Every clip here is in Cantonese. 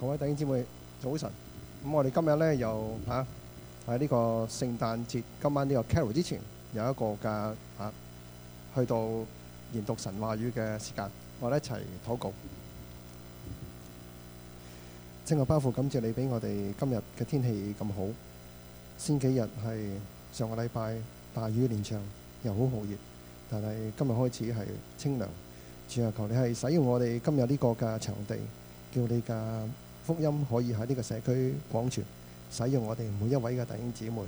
各位弟兄姊妹，早晨！咁我哋今日咧又吓喺呢個聖誕節，今晚呢個 Carol 之前，有一個嘅吓、啊、去到研讀神話語嘅時間，我哋一齊禱告。請我 包父感謝你俾我哋今日嘅天氣咁好。先幾日係上個禮拜大雨連場，又好酷熱，但係今日開始係清涼。主啊，求你係使用我哋今日呢個嘅場地。叫你嘅福音可以喺呢個社區廣傳，使用我哋每一位嘅弟兄姊妹，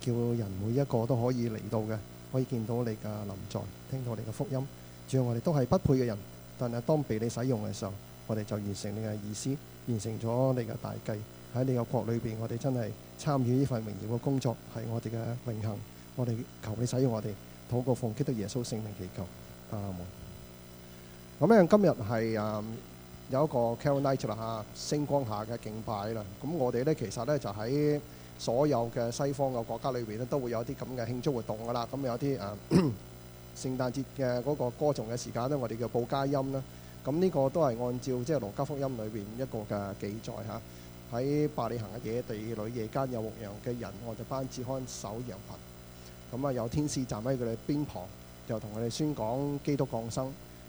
叫人每一個都可以嚟到嘅，可以見到你嘅臨在，聽到你嘅福音。雖然我哋都係不配嘅人，但係當被你使用嘅時候，我哋就完成你嘅意思，完成咗你嘅大計。喺你嘅國裏邊，我哋真係參與呢份榮耀嘅工作，係我哋嘅榮幸。我哋求你使用我哋，禱告奉基督耶穌聖名祈求，阿門。咁樣今日係嗯。有一個 Carol Night 啦嚇，星光下嘅敬拜啦。咁我哋咧其實咧就喺所有嘅西方嘅國家裏邊咧都會有啲咁嘅慶祝活動噶啦。咁有啲啊聖誕節嘅嗰個歌頌嘅時間咧，我哋叫報佳音啦。咁呢個都係按照即係《路加福音》裏邊一個嘅記載嚇。喺伯利恆嘅野地裏，夜間有牧羊嘅人，我哋班子看守羊群。咁啊，有天使站喺佢哋邊旁，就同佢哋宣講基督降生。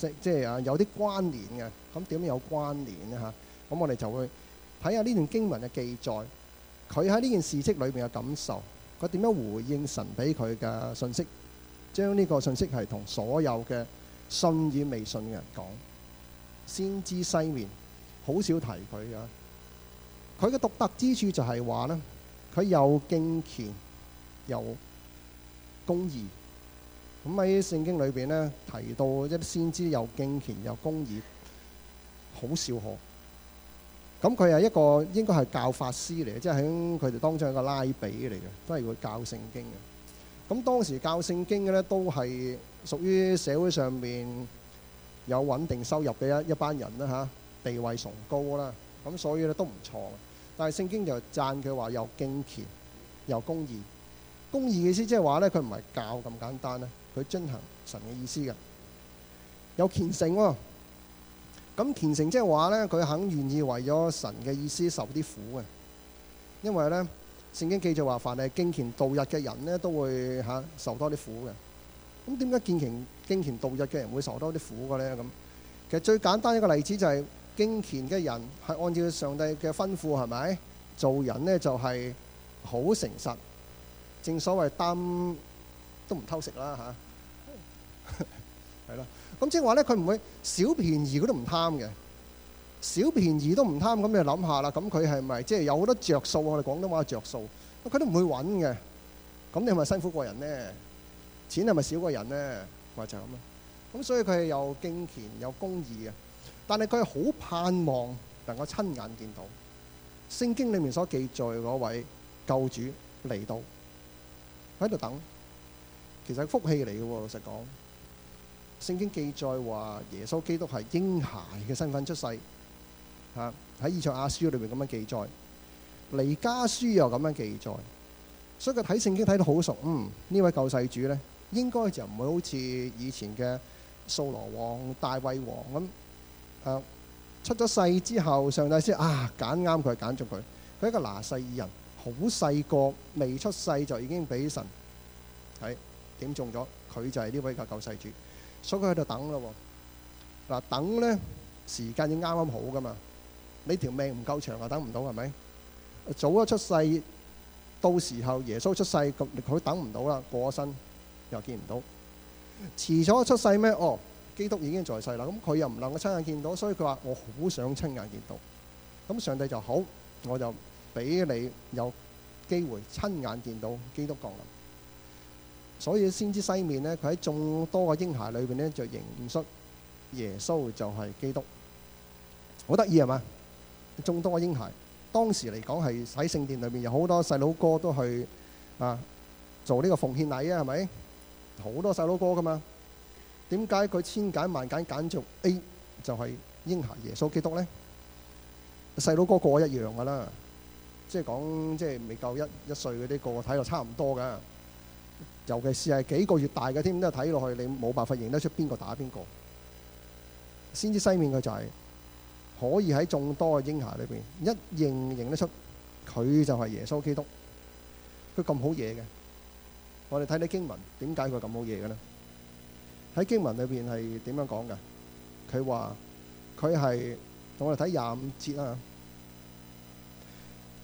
即即係啊，有啲關聯嘅，咁點樣有關聯呢？嚇，咁我哋就會睇下呢段經文嘅記載，佢喺呢件事蹟裏邊嘅感受，佢點樣回應神俾佢嘅信息，將呢個信息係同所有嘅信與未信嘅人講。先知西面好少提佢嘅，佢嘅獨特之處就係話咧，佢有敬虔，有公義。咁喺聖經裏邊咧提到一先知又敬虔又公義，好少可。咁佢係一個應該係教法師嚟嘅，即係喺佢哋當中係一個拉比嚟嘅，都係會教聖經嘅。咁當時教聖經嘅咧都係屬於社會上面有穩定收入嘅一一班人啦嚇，地位崇高啦，咁所以咧都唔錯。但係聖經就讚佢話又敬虔又公義。公義嘅意思即係話咧，佢唔係教咁簡單咧，佢遵行神嘅意思嘅，有虔誠喎、哦。咁虔誠即係話咧，佢肯願意為咗神嘅意思受啲苦嘅，因為咧聖經記載話，凡係敬虔度日嘅人咧，都會吓、啊、受多啲苦嘅。咁點解敬虔敬虔度日嘅人會受多啲苦嘅咧？咁其實最簡單一個例子就係敬虔嘅人係按照上帝嘅吩咐，係咪做人咧就係好誠實。正所謂擔都唔偷食啦，嚇係啦。咁即係話咧，佢唔會小便宜，佢都唔貪嘅。小便宜都唔貪咁，你諗下啦。咁佢係咪即係有好多著數？我哋廣東話嘅著數，咁佢都唔會揾嘅。咁你係咪辛苦過人咧？錢係咪少過人咧？話就咁啦。咁所以佢係又敬虔又公義嘅，但係佢係好盼望能夠親眼見到聖經裡面所記載嗰位救主嚟到。喺度等，其實係福氣嚟嘅喎。老實講，聖經記載話耶穌基督係嬰孩嘅身份出世，嚇喺《以賽亞書》裏邊咁樣記載，《彌迦書》又咁樣記載，所以佢睇聖經睇到好熟。嗯，呢位救世主咧，應該就唔會好似以前嘅掃羅王、大衛王咁誒出咗世之後，上帝先啊揀啱佢，揀中佢，佢係一個拿細耳人。好細個，未出世就已經俾神喺點中咗，佢就係呢位嘅救世主，所以佢喺度等咯。嗱，等咧時間已經啱啱好噶嘛，你條命唔夠長啊，等唔到係咪？早咗出世，到時候耶穌出世，咁佢等唔到啦，過咗身又見唔到。遲咗出世咩？哦，基督已經在世啦，咁佢又唔能夠親眼見到，所以佢話，我好想親眼見到，咁上帝就好，我就。俾你有機會親眼見到基督降臨，所以先知西面咧，佢喺眾多個嬰孩裏邊咧，就認識耶穌就係基督，好得意係嘛？眾多個嬰孩當時嚟講係喺聖殿裏邊有好多細佬哥都去啊做呢個奉獻禮啊，係咪好多細佬哥噶嘛？點解佢千揀萬揀揀著 A 就係嬰孩耶穌基督咧？細佬哥個一樣噶啦。即係講，即係未夠一一歲嗰啲，個個睇落差唔多㗎。尤其是係幾個月大嘅添，都係睇落去你冇辦法認得出邊個打邊個。先知西面嘅就係可以喺眾多嘅嬰孩裏邊一認認得出，佢就係耶穌基督。佢咁好嘢嘅。我哋睇啲經文，點解佢咁好嘢嘅呢？喺經文裏邊係點樣講㗎？佢話佢係同我哋睇廿五節啊。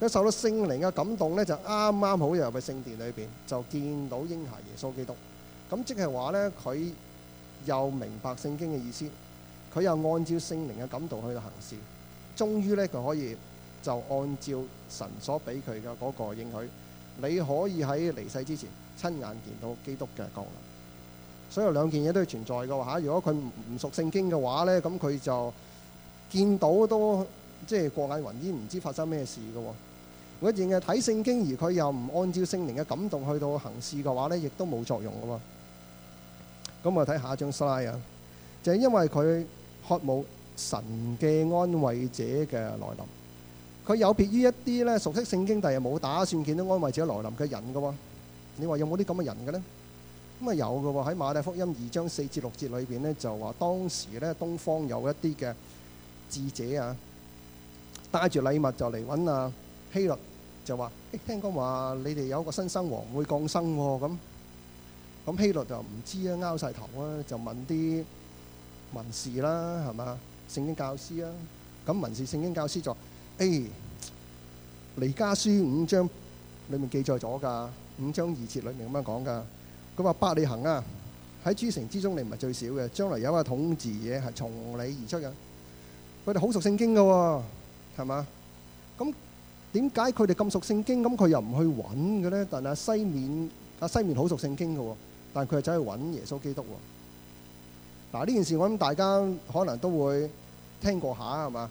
佢受到聖靈嘅感動咧，就啱啱好又入去聖殿裏邊，就見到嬰孩耶穌基督。咁即係話咧，佢又明白聖經嘅意思，佢又按照聖靈嘅感動去行事。終於咧，佢可以就按照神所俾佢嘅嗰個應許，你可以喺離世之前親眼見到基督嘅降臨。所有兩件嘢都要存在嘅喎嚇。如果佢唔熟聖經嘅話咧，咁佢就見到都即係過眼雲煙，唔知發生咩事嘅喎。我淨係睇聖經，而佢又唔按照聖靈嘅感動去到行事嘅話咧，亦都冇作用嘅喎。咁我睇下一張 slide 啊，就係因為佢渴慕神嘅安慰者嘅來臨。佢有別於一啲咧熟悉聖經但係冇打算見到安慰者來臨嘅人嘅喎。你話有冇啲咁嘅人嘅咧？咁啊有嘅喎，喺馬太福音二章四至六節裏邊咧就話當時咧東方有一啲嘅智者啊，帶住禮物就嚟揾阿希律。就話，誒，聽講話你哋有個新生王會降生，咁，咁希律就唔知啊，拗晒頭啊，就問啲文士啦，係嘛，聖經教師啊，咁文士聖經教師就話，誒，彌迦書五章裏面記載咗噶，五章二節裏面咁樣講噶，佢話伯利恆啊，喺諸城之中你唔係最少嘅，將來有一個統治者係從你而出嘅，佢哋好熟聖經噶，係嘛，咁。點解佢哋咁熟聖經，咁佢又唔去揾嘅咧？但係西面，阿西面好熟聖經嘅喎，但係佢係走去揾耶穌基督。嗱，呢件事我諗大家可能都會聽過下係嘛？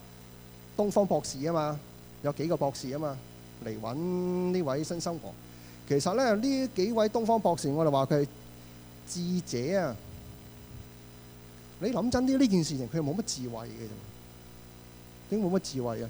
東方博士啊嘛，有幾個博士啊嘛嚟揾呢位新生王。其實咧，呢幾位東方博士，我哋話佢係智者啊。你諗真啲呢件事情，佢冇乜智慧嘅，點冇乜智慧啊！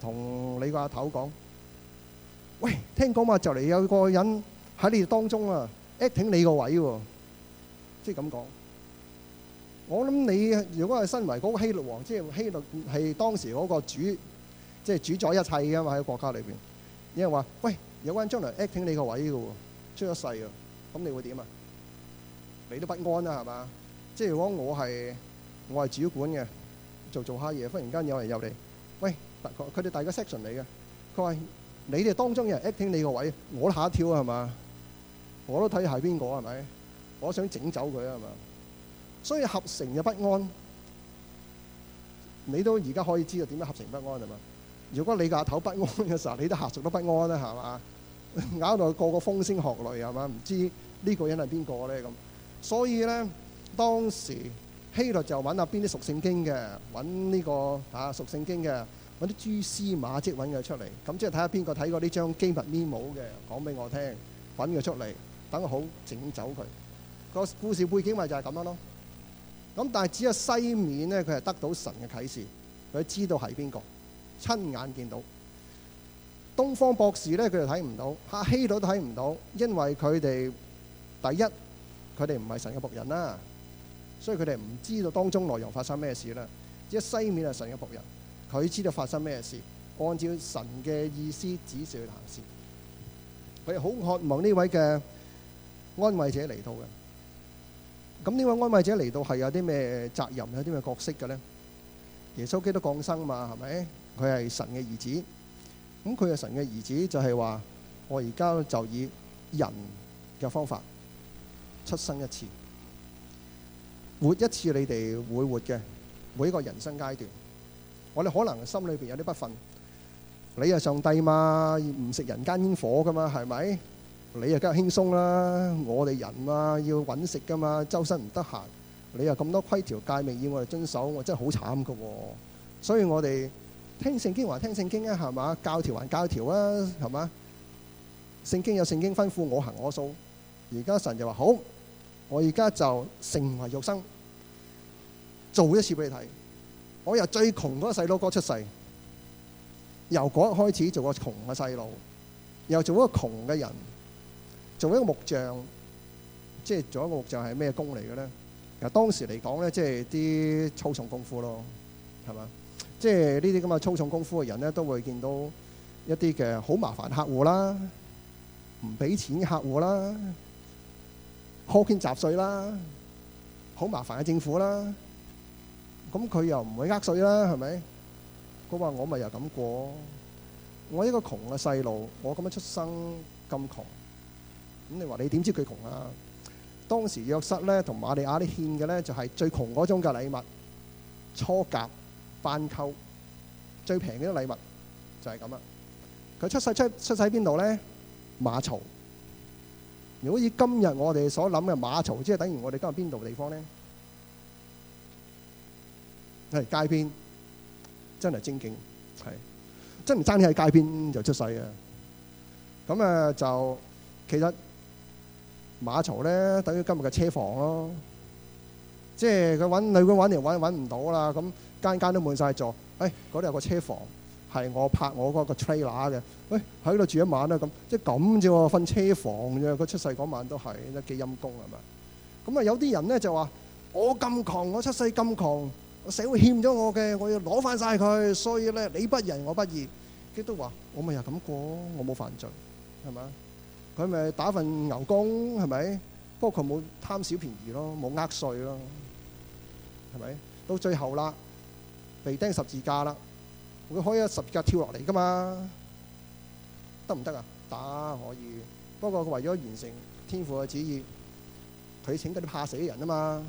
同你個阿頭講，喂，聽講話，就嚟有個人喺你當中啊，acting 你個位喎，即係咁講。我諗你如果係身為嗰個希律王，即係希律係當時嗰個主，即係主宰一切嘅嘛，喺國家裏邊，有人話喂，有個人將來 acting 你個位嘅喎，出咗世啊，咁你會點啊？你都不安啦，係嘛？即係如果我係我係主管嘅，做做下嘢，忽然間有人入嚟，喂佢哋大家 section 嚟嘅，佢話你哋當中有人 acting 你個位，我都嚇一跳啊，係嘛？我都睇下係邊個係咪？我想整走佢啊嘛。所以合成嘅不安，你都而家可以知道點樣合成不安係嘛？如果你個頭不安嘅時候，你啲下屬都不安啦，係嘛？搞 到個個風聲鶴唳係嘛？唔知呢個人係邊個咧咁。所以咧，當時希律就揾下邊啲屬聖經嘅，揾呢、這個啊屬聖經嘅。揾啲蛛絲馬跡，揾佢出嚟。咁即係睇下邊個睇過呢張機密 memo 嘅，講俾我聽，揾佢出嚟，等我好整走佢。個故事背景咪就係咁樣咯。咁但係只有西面咧，佢係得到神嘅啟示，佢知道係邊個，親眼見到。東方博士咧，佢就睇唔到，阿希律都睇唔到，因為佢哋第一佢哋唔係神嘅僕人啦，所以佢哋唔知道當中內容發生咩事啦。只係西面係神嘅僕人。佢知道發生咩事，按照神嘅意思指示去行事。佢好渴望呢位嘅安慰者嚟到嘅。咁呢位安慰者嚟到係有啲咩責任、有啲咩角色嘅咧？耶穌基督降生啊嘛，係咪？佢係神嘅兒子。咁佢係神嘅兒子就係話：我而家就以人嘅方法出生一次，活一次，你哋會活嘅每個人生階段。我哋可能心裏邊有啲不忿，你係上帝嘛，唔食人間煙火噶嘛，係咪？你又梗係輕鬆啦，我哋人嘛要搵食噶嘛，周身唔得閒，你又咁多規條戒命要我哋遵守，我真係好慘噶。所以我哋聽聖經還聽聖經啊，係嘛？教條還教條啊，係嘛？聖經有聖經吩咐，我行我素。而家神就話好，我而家就成為肉身，做一次俾你睇。我由最窮嗰個細佬哥出世，由嗰日開始做個窮嘅細路，又做一個窮嘅人，做一個木匠，即係做一個木匠係咩工嚟嘅咧？嗱，當時嚟講咧，即係啲粗重功夫咯，係嘛？即係呢啲咁嘅粗重功夫嘅人咧，都會見到一啲嘅好麻煩客戶啦，唔俾錢嘅客戶啦，苛捐雜稅啦，好麻煩嘅政府啦。咁佢又唔會呃水啦，係咪？佢話：我咪又咁過，我一個窮嘅細路，我咁樣出生咁窮，咁你話你點知佢窮啊？當時約瑟咧同瑪利亞啲獻嘅咧就係最窮嗰種嘅禮物，雛鴿、斑鳩，最平嘅啲禮物就係咁啦。佢出世出出世喺邊度咧？馬槽。如果以今日我哋所諗嘅馬槽，即係等於我哋今日邊度地方咧？係街邊真係正經，係真唔爭喺街邊就出世啊！咁啊就其實馬槽咧，等於今日嘅車房咯。即係佢揾旅館揾嚟揾，揾唔到啦。咁間間都滿晒座。誒、哎，嗰度有個車房係我拍我嗰個 trailer 嘅。誒、哎，喺度住一晚啦。咁即係咁啫喎，瞓車房啫。佢出世嗰晚都係，都係幾陰公係嘛。咁啊，有啲人咧就話我咁窮，我出世咁窮。個社會欠咗我嘅，我要攞翻曬佢。所以咧，你不仁我不義。佢都話：我咪又咁過，我冇犯罪，係咪？佢咪打份牛工，係咪？不過佢冇貪小便宜咯，冇呃稅咯，係咪？到最後啦，被釘十字架啦。佢開咗十字架跳落嚟㗎嘛？得唔得啊？打可以，不過佢為咗完成天父嘅旨意，佢請嗰啲怕死嘅人啊嘛。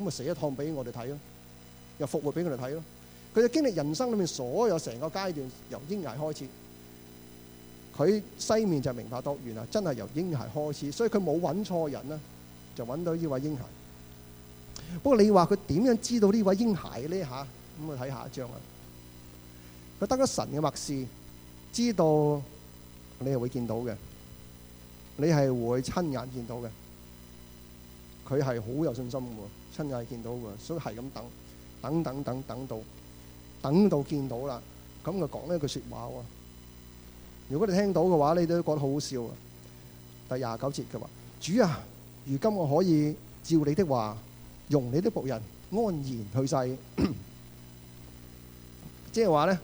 咁咪死一趟俾我哋睇咯。又復活俾佢哋睇咯。佢就經歷人生裏面所有成個階段，由嬰孩開始。佢西面就明白多完啦，真係由嬰孩開始，所以佢冇揾錯人啦，就揾到呢位嬰孩。不過你話佢點樣知道呢位嬰孩呢？嚇、啊？咁我睇下一章啊。佢得咗神嘅默示，知道你係會見到嘅，你係會親眼見到嘅。佢係好有信心嘅喎，親眼見到嘅，所以係咁等。等等等等到，等到見到啦，咁就講呢一句説話喎。如果你聽到嘅話，你都覺得好好笑啊！第廿九節佢話：主啊，如今我可以照你的話，容你的僕人安然去世，即係話咧，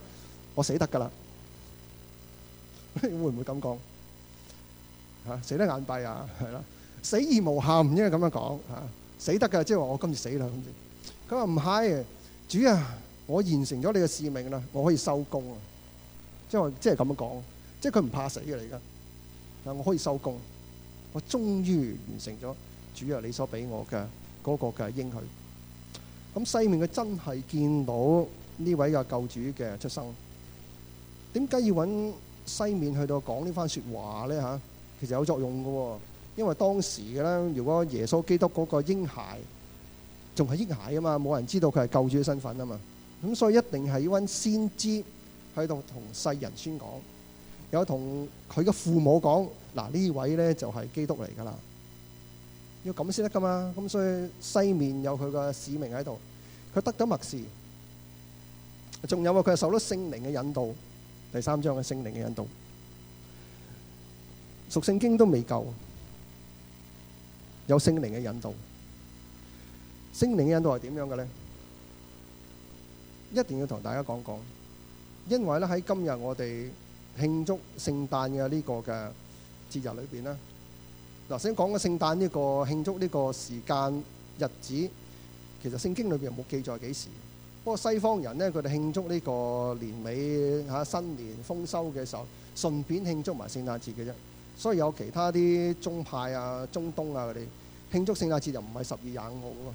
我死得噶啦。會唔會咁講嚇？死得眼閉啊，係啦，死而無憾，應該咁樣講嚇。死得噶即係話我今次死啦，咁。佢話唔係，主啊，我完成咗你嘅使命啦，我可以收工啊！即係即係咁樣講，即係佢唔怕死嘅而家，但我可以收工，我終於完成咗主啊你所俾我嘅嗰個嘅應許。咁西面佢真係見到呢位嘅救主嘅出生。點解要揾西面去到講呢番説話咧？嚇，其實有作用㗎喎，因為當時嘅咧，如果耶穌基督嗰個嬰孩，仲係嬰孩啊嘛，冇人知道佢係救主嘅身份啊嘛，咁所以一定係要搵先知喺度同世人宣講，有同佢嘅父母講，嗱、啊、呢位咧就係、是、基督嚟噶啦，要咁先得噶嘛，咁所以西面有佢嘅使命喺度，佢得到默示，仲有啊佢係受咗聖靈嘅引導，第三章嘅聖靈嘅引導，熟聖經都未夠，有聖靈嘅引導。聖靈嘅人都係點樣嘅咧？一定要同大家講講，因為咧喺今日我哋慶祝聖誕嘅呢個嘅節日裏邊咧，頭先講嘅聖誕呢個慶祝呢個時間日子，其實聖經裏邊冇記載幾時。不過西方人咧，佢哋慶祝呢個年尾嚇新年豐收嘅時候，順便慶祝埋聖誕節嘅啫。所以有其他啲宗派啊、中東啊嗰啲慶祝聖誕節就唔係十二廿五號咯。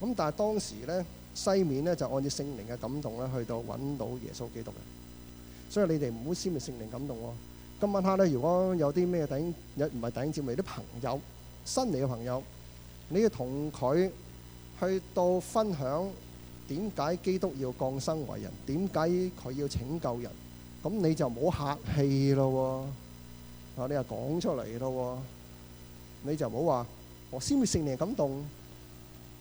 咁但係當時咧，西面咧就按照聖靈嘅感動咧，去到揾到耶穌基督嘅。所以你哋唔好消滅聖靈感動喎。今晚黑咧，如果有啲咩頂，有唔係頂節目啲朋友、新嚟嘅朋友，你要同佢去到分享點解基督要降生為人，點解佢要拯救人。咁你就唔好客氣咯，啊，你又講出嚟咯，你就唔好話我消滅聖靈感動。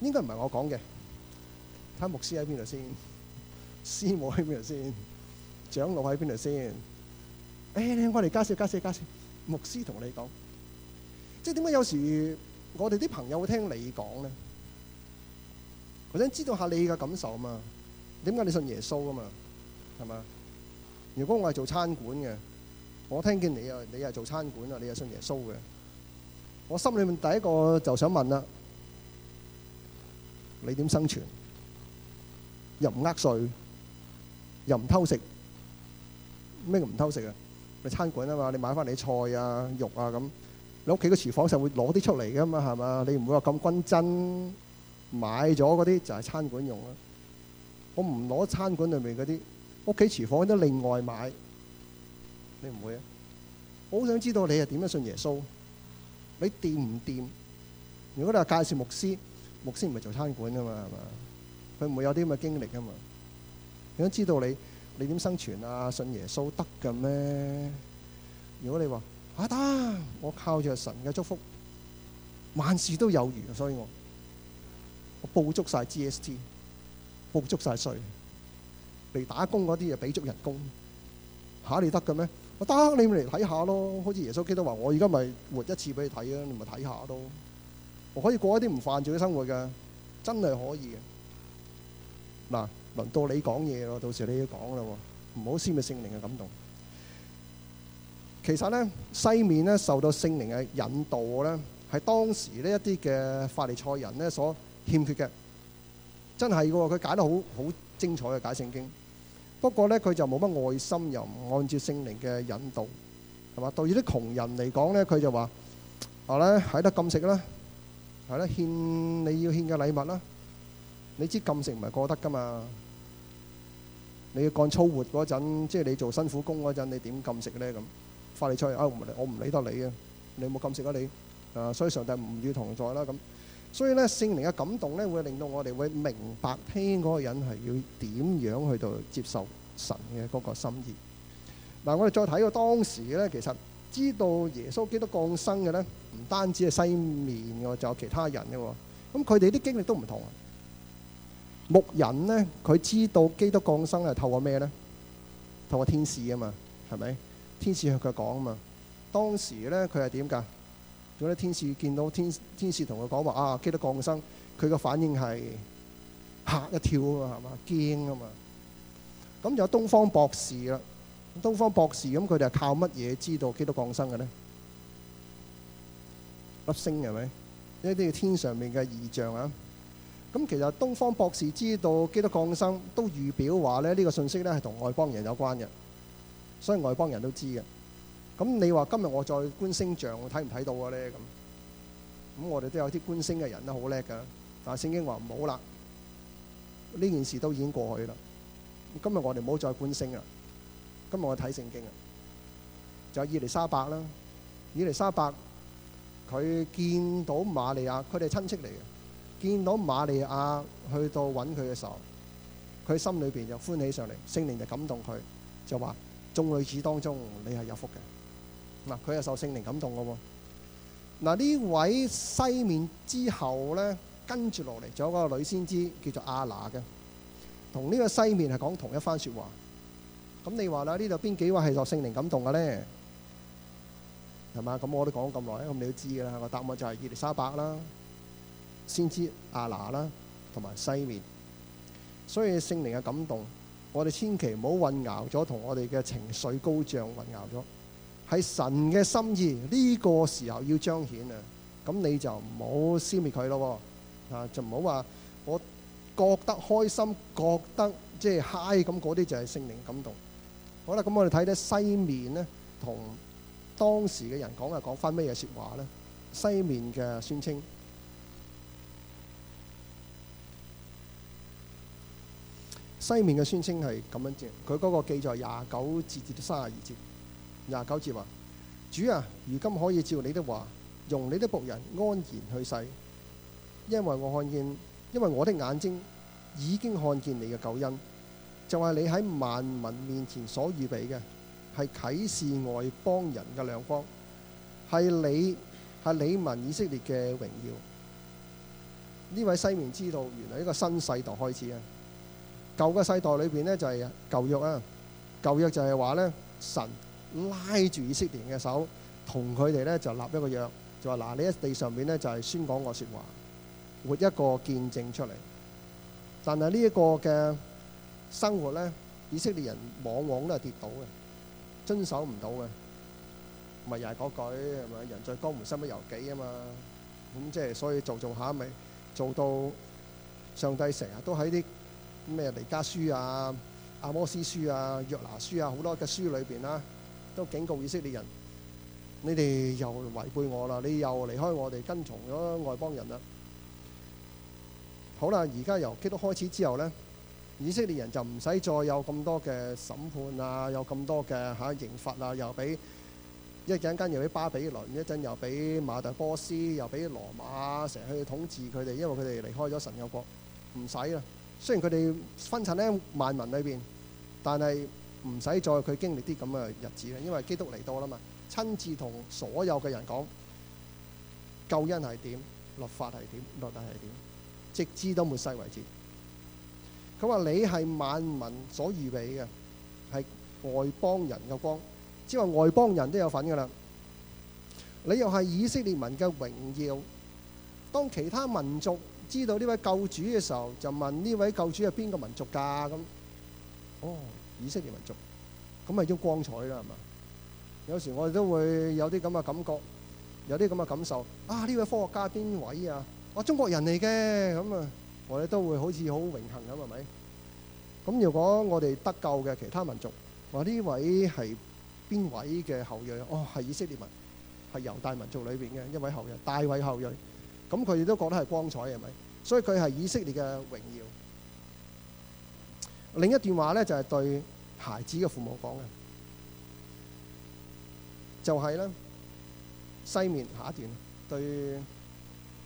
應該唔係我講嘅，睇下牧師喺邊度先，師母喺邊度先，長老喺邊度先？誒，你我哋加少加少加少，牧師同你講，即係點解有時我哋啲朋友會聽你講咧？我想知道下你嘅感受啊嘛，點解你信耶穌啊嘛，係嘛？如果我係做餐館嘅，我聽見你啊，你係做餐館啊，你係信耶穌嘅，我心裏面第一個就想問啦。你點生存？又唔呃稅，又唔偷食，咩唔偷食啊？你餐館啊嘛，你買翻你菜啊、肉啊咁，你屋企個廚房就會攞啲出嚟噶嘛，係嘛？你唔會話咁均真，買咗嗰啲就係餐館用啊？我唔攞餐館裏面嗰啲，屋企廚房都另外買，你唔會啊？我好想知道你係點樣信耶穌？你掂唔掂？如果你係介紹牧師？牧師唔係做餐館噶嘛，係嘛？佢唔會有啲咁嘅經歷噶嘛。你想知道你你點生存啊？信耶穌得嘅咩？如果你話啊得，我靠着神嘅祝福，萬事都有餘，所以我我補足曬 GST，補足曬稅，嚟打工嗰啲就俾足人工，嚇你得嘅咩？我得，你嚟睇下咯。好似耶穌基督話：我而家咪活一次俾你睇啊！你咪睇下咯。我可以過一啲唔犯罪嘅生活嘅，真係可以嘅。嗱，輪到你講嘢咯，到時你要講啦，唔好先咪聖靈嘅感動。其實咧，西面咧受到聖靈嘅引導咧，係當時咧一啲嘅法利賽人咧所欠缺嘅，真係嘅。佢解得好好精彩嘅解聖經，不過咧佢就冇乜愛心，又唔按照聖靈嘅引導係嘛？對住啲窮人嚟講咧，佢就話：我咧喺得禁食啦。係啦，獻你要獻嘅禮物啦，你知禁食唔係過得噶嘛。你要幹粗活嗰陣，即係你做辛苦工嗰陣，你點禁食咧？咁罰你出去，我唔理，我唔理得你嘅，你有冇禁食啊你？啊，所以上帝唔與同在啦。咁所以咧，聖靈嘅感動咧，會令到我哋會明白，聽嗰個人係要點樣去到接受神嘅嗰個心意。嗱，我哋再睇個當時咧，其實。知道耶穌基督降生嘅咧，唔單止係西面嘅，就有其他人嘅喎。咁佢哋啲經歷都唔同。牧人咧，佢知道基督降生係透過咩咧？透過天使啊嘛，係咪？天使向佢講啊嘛。當時咧，佢係點㗎？嗰啲天使見到天，天使同佢講話啊，基督降生，佢個反應係嚇一跳啊嘛，係嘛，驚啊嘛。咁有東方博士啦。東方博士，咁佢哋係靠乜嘢知道基督降生嘅呢？粒星係咪？呢啲天上面嘅異象啊！咁其實東方博士知道基督降生都預表話咧，呢個信息咧係同外邦人有關嘅，所以外邦人都知嘅。咁你話今日我再觀星象，我睇唔睇到嘅咧？咁咁我哋都有啲觀星嘅人都好叻㗎，但係聖經話唔好啦，呢件事都已經過去啦。今日我哋唔好再觀星啦！今日我睇聖經啊，就以利沙伯啦，以利沙伯佢見到瑪利亞，佢哋親戚嚟嘅，見到瑪利亞去到揾佢嘅時候，佢心裏邊就歡喜上嚟，聖靈就感動佢，就話眾女子當中你係有福嘅，嗱佢係受聖靈感動嘅喎。嗱呢位西面之後咧，跟住落嚟仲有一個女先知叫做亞拿嘅，同呢個西面係講同一番説話。咁、嗯、你話啦，呢度邊幾位係受聖靈感動嘅咧？係嘛？咁我都講咁耐，因你都知嘅啦。個答案就係耶利沙伯啦，先知阿拿啦，同埋西面。所以聖靈嘅感動，我哋千祈唔好混淆咗，同我哋嘅情緒高漲混淆咗。係神嘅心意，呢、這個時候要彰顯啊！咁你就唔好消滅佢咯，啊，就唔好話我覺得開心，覺得即係嗨 i 咁嗰啲就係聖靈感動。好啦，咁我哋睇睇西面咧，同當時嘅人講啊，講翻咩嘢説話咧？西面嘅宣稱，西面嘅宣稱係咁樣啫。佢嗰個記載廿九節至到卅二節，廿九節話：主啊，如今可以照你的話，用你的僕人安然去世，因為我看見，因為我的眼睛已經看見你嘅救恩。就係你喺萬民面前所預備嘅，係啟示外邦人嘅亮光，係你係你民以色列嘅榮耀。呢位西面知道，原來一個新世代開始啊！舊嘅世代裏邊呢，就係舊約啊，舊約就係話呢，神拉住以色列嘅手，同佢哋呢就立一個約，就話嗱，你喺地上面呢，就係宣講我說話，活一個見證出嚟。但係呢一個嘅。生活咧，以色列人往往都係跌倒嘅，遵守唔到嘅，咪又係嗰句係咪？人在江湖身不由己啊嘛，咁即係所以做做下咪做到，上帝成日都喺啲咩彌迦書啊、阿摩司書啊、約拿書啊好多嘅書裏邊啦，都警告以色列人：你哋又違背我啦，你又離開我哋，跟從咗外邦人啦。好啦，而家由基督開始之後咧。以色列人就唔使再有咁多嘅審判啊，有咁多嘅嚇刑罰啊，又俾一陣間又俾巴比倫，一陣又俾瑪代波斯，又俾羅馬成日去統治佢哋，因為佢哋離開咗神嘅國，唔使啦。雖然佢哋分散喺萬民裏邊，但係唔使再佢經歷啲咁嘅日子咧，因為基督嚟到啦嘛，親自同所有嘅人講救恩係點，律法係點，律例係點，直至到末世為止。咁話你係萬民所預備嘅，係外邦人嘅光，只係話外邦人都有份㗎啦。你又係以色列民嘅榮耀。當其他民族知道呢位救主嘅時候，就問呢位救主係邊個民族㗎？咁，哦，以色列民族，咁咪都光彩啦，係嘛？有時我哋都會有啲咁嘅感覺，有啲咁嘅感受。啊，呢位科學家邊位啊？我、啊、中國人嚟嘅，咁啊。我哋都會好似好榮幸咁，係咪？咁如果我哋得救嘅其他民族，話呢位係邊位嘅後裔？哦，係以色列民，係猶大民族裏邊嘅一位後裔，大衛後裔。咁佢哋都覺得係光彩，係咪？所以佢係以色列嘅榮耀。另一段話咧，就係對孩子嘅父母講嘅，就係咧，西面下一段對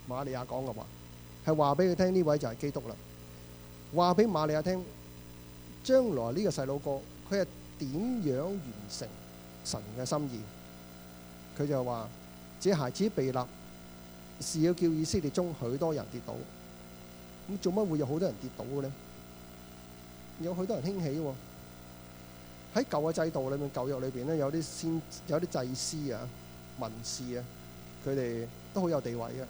瑪利亞講嘅話。係話俾佢聽呢位就係基督啦，話俾瑪利亞聽，將來呢個細路哥，佢係點樣完成神嘅心意？佢就話：這孩子被立，是要叫以色列中許多人跌倒。咁做乜會有好多人跌倒嘅咧？有許多人興起喎。喺舊嘅制度裏面，舊約裏邊咧，有啲先，有啲祭司啊、文士啊，佢哋都好有地位嘅。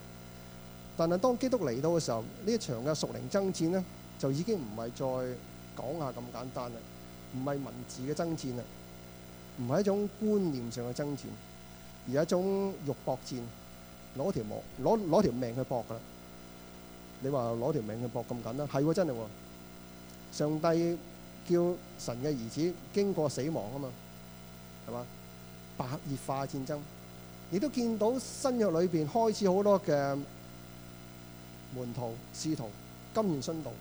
但係當基督嚟到嘅時候，呢一場嘅屬靈爭戰咧，就已經唔係再講下咁簡單啦，唔係文字嘅爭戰啦，唔係一種觀念上嘅爭戰，而係一種肉搏戰，攞條毛攞攞條命去搏噶啦。你話攞條命去搏咁緊啦，係喎真係喎、哦。上帝叫神嘅兒子經過死亡啊嘛，係嘛，白熱化嘅戰爭，亦都見到新約裏邊開始好多嘅。門徒試徒、甘願殉道，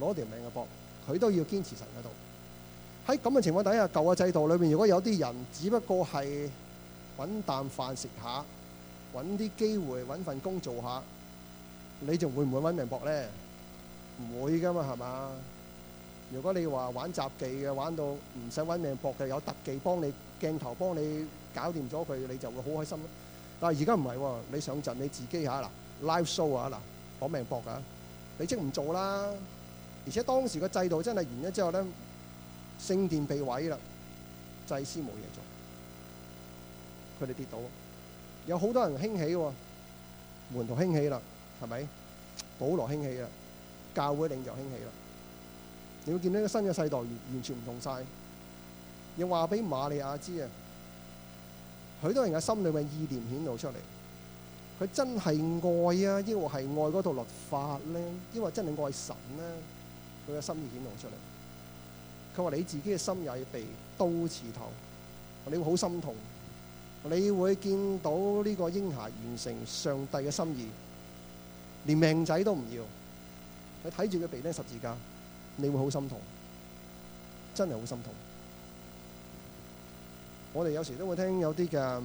攞條命嘅搏，佢都要堅持神喺度。喺咁嘅情況底下，舊嘅制度裏面，如果有啲人，只不過係揾啖飯食下，揾啲機會揾份工做下，你仲會唔會揾命搏咧？唔會㗎嘛，係嘛？如果你話玩雜技嘅，玩到唔使揾命搏嘅，有特技幫你鏡頭幫你搞掂咗佢，你就會好開心。但係而家唔係喎，你上陣你自己嚇啦，live show 啊嗱。攞命搏㗎、啊，你即唔做啦，而且當時個制度真係完咗之後咧，聖殿被毀啦，祭司冇嘢做，佢哋跌倒，有好多人興起喎、哦，門徒興起啦，係咪？保羅興起啦，教會領袖興起啦，你會見到一個新嘅世代完完全唔同晒，又話俾瑪利亞知啊，許多人嘅心裏嘅意念顯露出嚟。佢真係愛啊，抑或係愛嗰套律法咧？抑或真係愛神咧？佢嘅心意顯露出嚟。佢話：你自己嘅心也要被刀刺透，你會好心痛。你會見到呢個嬰孩完成上帝嘅心意，連命仔都唔要。佢睇住佢被釘十字架，你會好心痛，真係好心痛。我哋有時都會聽有啲嘅。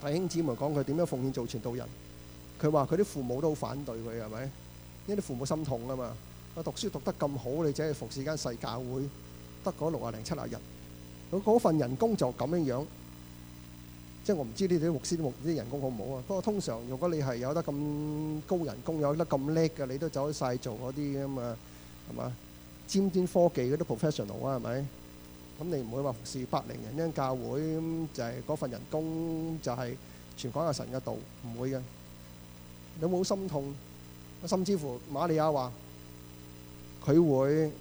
弟兄姊妹講佢點樣奉獻做傳道人，佢話佢啲父母都好反對佢，係咪？因為啲父母心痛啊嘛，我讀書讀得咁好，你只係服侍間細教會，得嗰六啊零七啊人，佢嗰份人工就咁樣樣。即係我唔知呢啲牧師啲人工好唔好啊？不過通常，如果你係有得咁高人工，有得咁叻嘅，你都走曬做嗰啲咁啊，係嘛？是是尖端科技嗰啲 professional 啊，係咪？咁你唔會話服侍百零人呢？教會就係嗰份人工就係傳講阿神嘅道，唔會嘅。你有冇心痛？甚至乎瑪利亞話佢會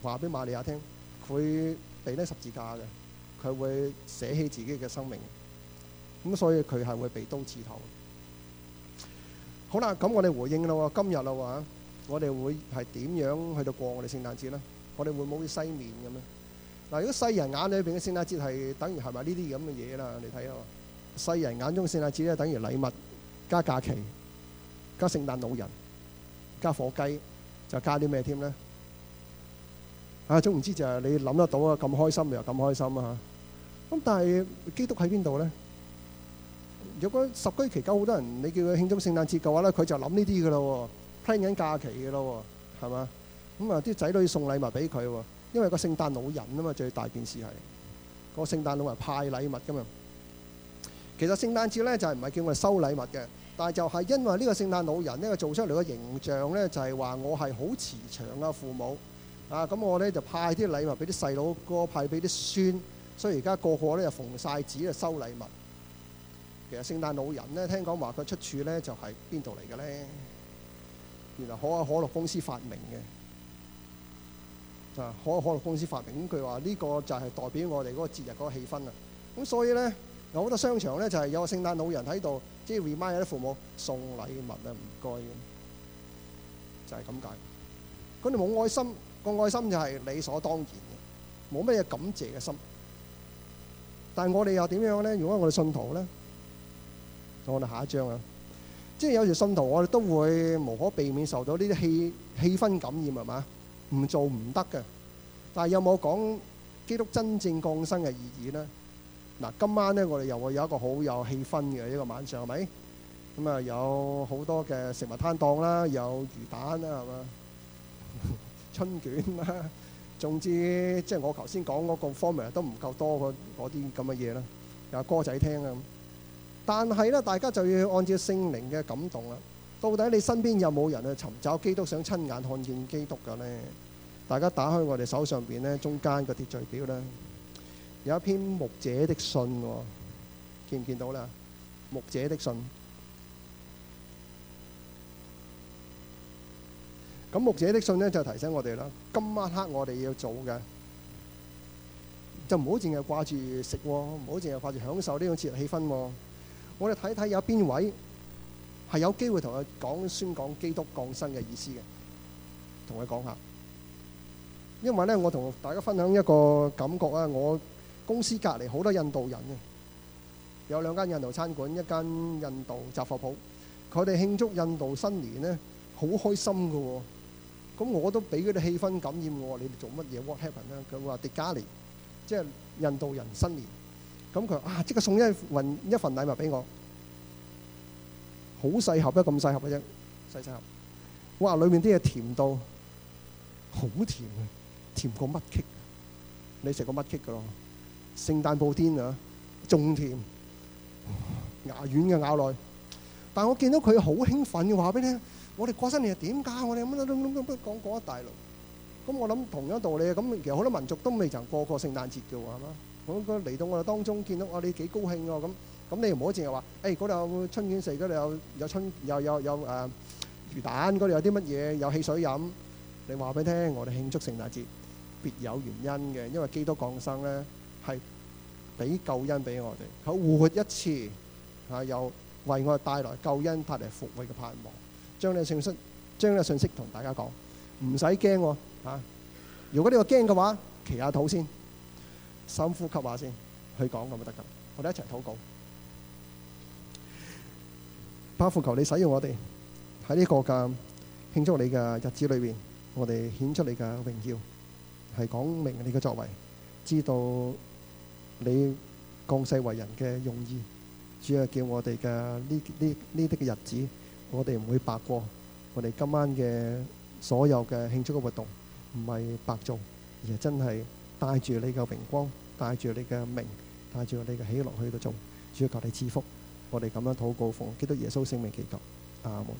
話俾瑪利亞聽，佢被呢十字架嘅，佢會捨棄自己嘅生命。咁所以佢係會被刀刺透。好啦，咁我哋回應啦喎，今日啦喎，我哋會係點樣去到過我哋聖誕節咧？我哋會唔會西面咁咧？嗱，如果世人眼裡邊嘅聖誕節係等於係咪呢啲咁嘅嘢啦？你睇下，世人眼中聖誕節咧，等於禮物加假期，加聖誕老人，加火雞，就加啲咩添咧？啊，總唔知就係你諗得到啊，咁開心又咁開心啊！咁但係基督喺邊度咧？如果十居期間好多人，你叫佢慶祝聖誕節嘅話咧，佢就諗呢啲嘅啦，plan 緊假期嘅啦，係嘛？咁啊，啲仔女送禮物俾佢喎。因為個聖誕老人啊嘛，最大件事係個聖誕老人派禮物噶嘛。其實聖誕節咧就係唔係叫我哋收禮物嘅，但係就係因為呢個聖誕老人呢個做出嚟嘅形象咧，就係話我係好慈祥啊，父母啊，咁我咧就派啲禮物俾啲細佬哥，派俾啲孫，所以而家個個咧就逢晒紙啊收禮物。其實聖誕老人咧，聽講話佢出處咧就係邊度嚟嘅咧？原來可可樂公司發明嘅。啊！可可樂公司發明。咁，佢話呢個就係代表我哋嗰個節日嗰個氣氛啦。咁所以咧，有好多商場咧就係有個聖誕老人喺度，即係 remind 有啲父母送禮物啦，唔該。就係咁解。佢哋冇愛心，個愛心就係理所當然嘅，冇咩嘢感謝嘅心。但係我哋又點樣咧？如果我哋信徒咧，我哋下一章啊，即係有時信徒我哋都會無可避免受到呢啲氣氣氛感染係嘛？唔做唔得嘅，但係有冇講基督真正降生嘅意義咧？嗱，今晚咧我哋又會有一個好有氣氛嘅一個晚上，係咪？咁啊，有好多嘅食物攤檔啦，有魚蛋啦，係嘛，春卷啦，總之即係我頭先講嗰個方面都唔夠多個嗰啲咁嘅嘢啦，有歌仔聽啊，但係咧大家就要按照聖靈嘅感動啦。到底你身邊有冇人去尋找基督、想親眼看見基督嘅咧？大家打開我哋手上邊咧中間嘅秩序表啦，有一篇牧者的信，見唔見到啦？牧者的信，咁牧者的信咧就提醒我哋啦。今晚黑我哋要做嘅，就唔好淨係掛住食，唔好淨係掛住享受呢種節日氣氛。我哋睇睇有邊位，係有機會同佢講宣講基督降生嘅意思嘅，同佢講下。因為咧，我同大家分享一個感覺啊！我公司隔離好多印度人啊，有兩間印度餐館，一間印度雜貨鋪。佢哋慶祝印度新年咧，好開心㗎喎。咁我都俾嗰啲氣氛感染我。你哋做乜嘢？What happened 咧？佢話迪加尼，即係印度人新年。咁佢啊，即刻送一份一份禮物俾我。好細盒啫，咁細盒嘅啫，細細盒。哇！裏面啲嘢甜到，好甜嘅，甜過乜棘？你食過乜棘㗎咯？聖誕布丁啊，仲甜，牙軟嘅咬落。但我見到佢好興奮嘅話俾你聽，我哋過新年係點解？我哋乜都都都都講，講一大輪。咁我諗同樣道理，咁其實好多民族都未曾過過聖誕節嘅喎，係嘛？咁佢嚟到我哋當中，見到我哋幾高興㗎咁。咁你唔好淨係話，誒嗰度有春卷食，嗰度有有春，又有有誒魚蛋，嗰度有啲乜嘢，有汽水飲。你話俾你聽，我哋慶祝聖誕節，別有原因嘅，因為基督降生咧係俾救恩俾我哋，佢活一次嚇，又為我哋帶來救恩，帶嚟復活嘅盼望。將呢個信息，將呢個信息同大家講，唔使驚喎嚇。如果你話驚嘅話，祈下禱先，深呼吸下先，去講咁就得噶。我哋一齊禱告。包括求你使用我哋喺呢個嘅慶祝你嘅日子裏邊，我哋顯出你嘅榮耀係講明你嘅作為，知道你降世為人嘅用意。主啊，叫我哋嘅呢呢呢啲嘅日子，我哋唔會白過。我哋今晚嘅所有嘅慶祝嘅活動唔係白做，而係真係帶住你嘅榮光，帶住你嘅名，帶住你嘅喜樂去度做。主求你賜福。我哋咁樣禱告，奉基督耶穌聖名祈求，阿門。